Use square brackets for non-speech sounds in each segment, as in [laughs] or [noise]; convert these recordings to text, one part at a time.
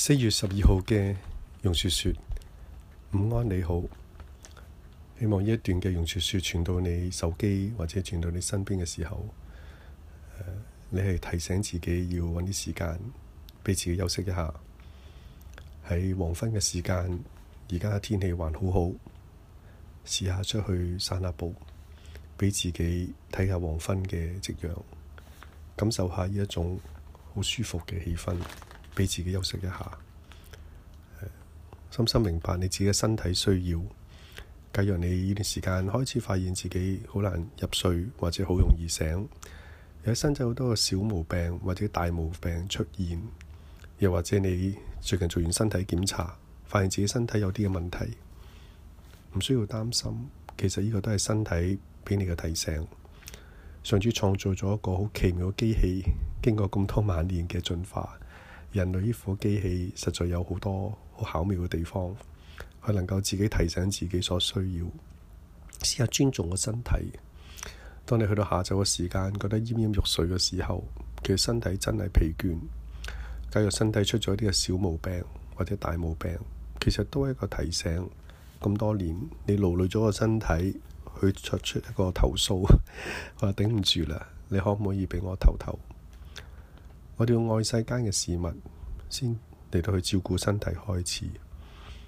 四月十二號嘅容雪雪，午安你好，希望呢一段嘅容雪雪傳到你手機或者傳到你身邊嘅時候，呃，你係提醒自己要揾啲時間畀自己休息一下，喺黃昏嘅時間，而家嘅天氣還好好，試下出去散下步，畀自己睇下黃昏嘅夕陽，感受下呢一種好舒服嘅氣氛。俾自己休息一下，深深明白你自己嘅身體需要。假如你呢段時間開始發現自己好難入睡，或者好容易醒，有身體好多嘅小毛病或者大毛病出現，又或者你最近做完身體檢查，發現自己身體有啲嘅問題，唔需要擔心。其實呢個都係身體畀你嘅提醒。上主創造咗一個好奇妙嘅機器，經過咁多萬年嘅進化。人類呢款機器實在有好多好巧妙嘅地方，佢能夠自己提醒自己所需要，試下尊重個身體。當你去到下晝嘅時間，覺得奄奄欲睡嘅時候，其實身體真係疲倦。假如身體出咗啲嘅小毛病或者大毛病，其實都係一個提醒。咁多年你勞累咗個身體，佢提出一個投訴， [laughs] 我頂唔住啦，你可唔可以畀我抖抖？我哋要愛世間嘅事物，先嚟到去照顧身體開始。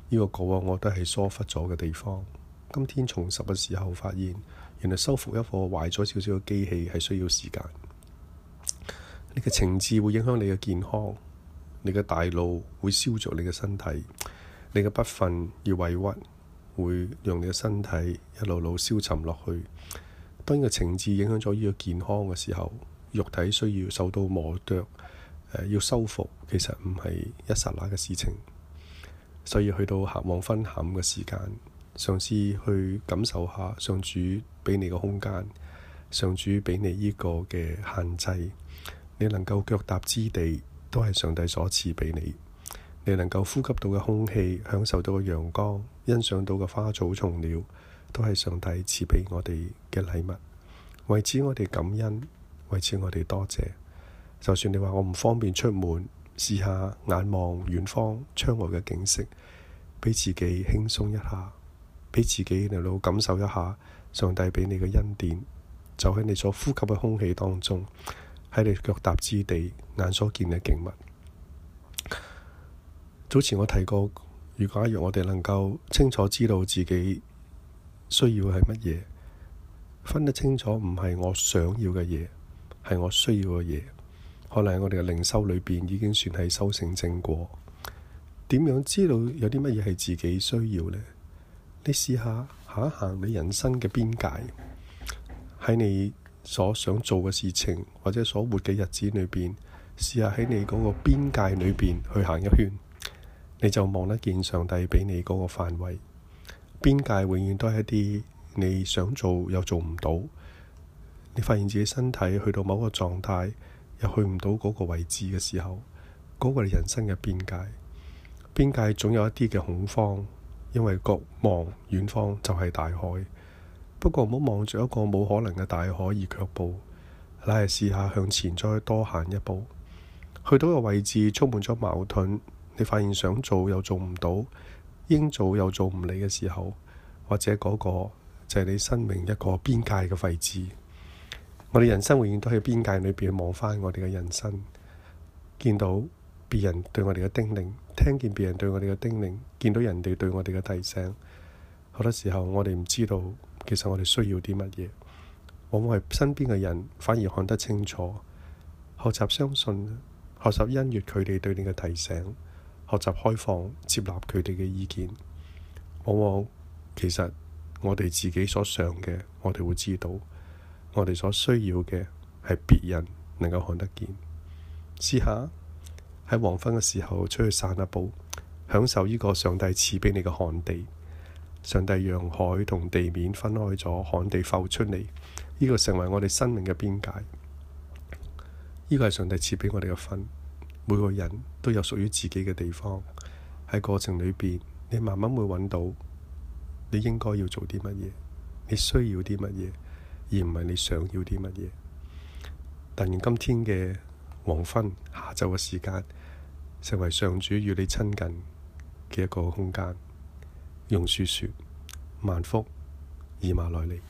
呢個過往，我都係疏忽咗嘅地方。今天重拾嘅時候，發現原來修復一個壞咗少少嘅機器係需要時間。你嘅情志會影響你嘅健康，你嘅大腦會消灼你嘅身體，你嘅不忿而委屈會讓你嘅身體一路路消沉落去。當呢個情志影響咗呢個健康嘅時候，肉體需要受到磨腳、呃，要修復，其實唔係一剎那嘅事情。所以去到下午分下嘅時間，嘗試去感受下上主畀你嘅空間，上主畀你呢個嘅限制，你能夠腳踏之地都係上帝所賜俾你，你能夠呼吸到嘅空氣，享受到嘅陽光，欣賞到嘅花、草、蟲、鳥，都係上帝賜俾我哋嘅禮物，為此，我哋感恩。為此，我哋多謝。就算你話我唔方便出門，試下眼望遠方窗外嘅景色，畀自己輕鬆一下，畀自己能夠感受一下上帝畀你嘅恩典，就喺你所呼吸嘅空氣當中，喺你腳踏之地、眼所見嘅景物。早前我提過，如果一日我哋能夠清楚知道自己需要係乜嘢，分得清楚，唔係我想要嘅嘢。係我需要嘅嘢，可能喺我哋嘅靈修裏邊已經算係修成正果。點樣知道有啲乜嘢係自己需要呢？你試下行一行你人生嘅邊界，喺你所想做嘅事情或者所活嘅日子裏邊，試下喺你嗰個邊界裏邊去行一圈，你就望得見上帝畀你嗰個範圍。邊界永遠都係一啲你想做又做唔到。你發現自己身體去到某個狀態，又去唔到嗰個位置嘅時候，嗰個係人生嘅邊界。邊界總有一啲嘅恐慌，因為各望遠方就係大海。不過唔好望住一個冇可能嘅大海而卻步，乃係試下向前再多行一步。去到個位置充滿咗矛盾，你發現想做又做唔到，應做又做唔嚟嘅時候，或者嗰個就係你生命一個邊界嘅位置。我哋人生永遠都喺邊界裏邊望返我哋嘅人生，見到別人對我哋嘅叮嚀，聽見別人對我哋嘅叮嚀，見到人哋對我哋嘅提醒，好多時候我哋唔知道，其實我哋需要啲乜嘢，往往係身邊嘅人反而看得清楚。學習相信，學習欣悅佢哋對你嘅提醒，學習開放接納佢哋嘅意見。往往其實我哋自己所想嘅，我哋會知道。我哋所需要嘅係別人能夠看得見。試下，喺黃昏嘅時候出去散下、啊、步，享受呢個上帝賜畀你嘅旱地。上帝讓海同地面分開咗，旱地浮出嚟，呢、這個成為我哋生命嘅邊界。呢、這個係上帝賜畀我哋嘅分。每個人都有屬於自己嘅地方。喺過程裏邊，你慢慢會揾到你應該要做啲乜嘢，你需要啲乜嘢。而唔係你想要啲乜嘢。但願今天嘅黃昏、下晝嘅時間，成為上主與你親近嘅一個空間。榕樹說：萬福以馬內利。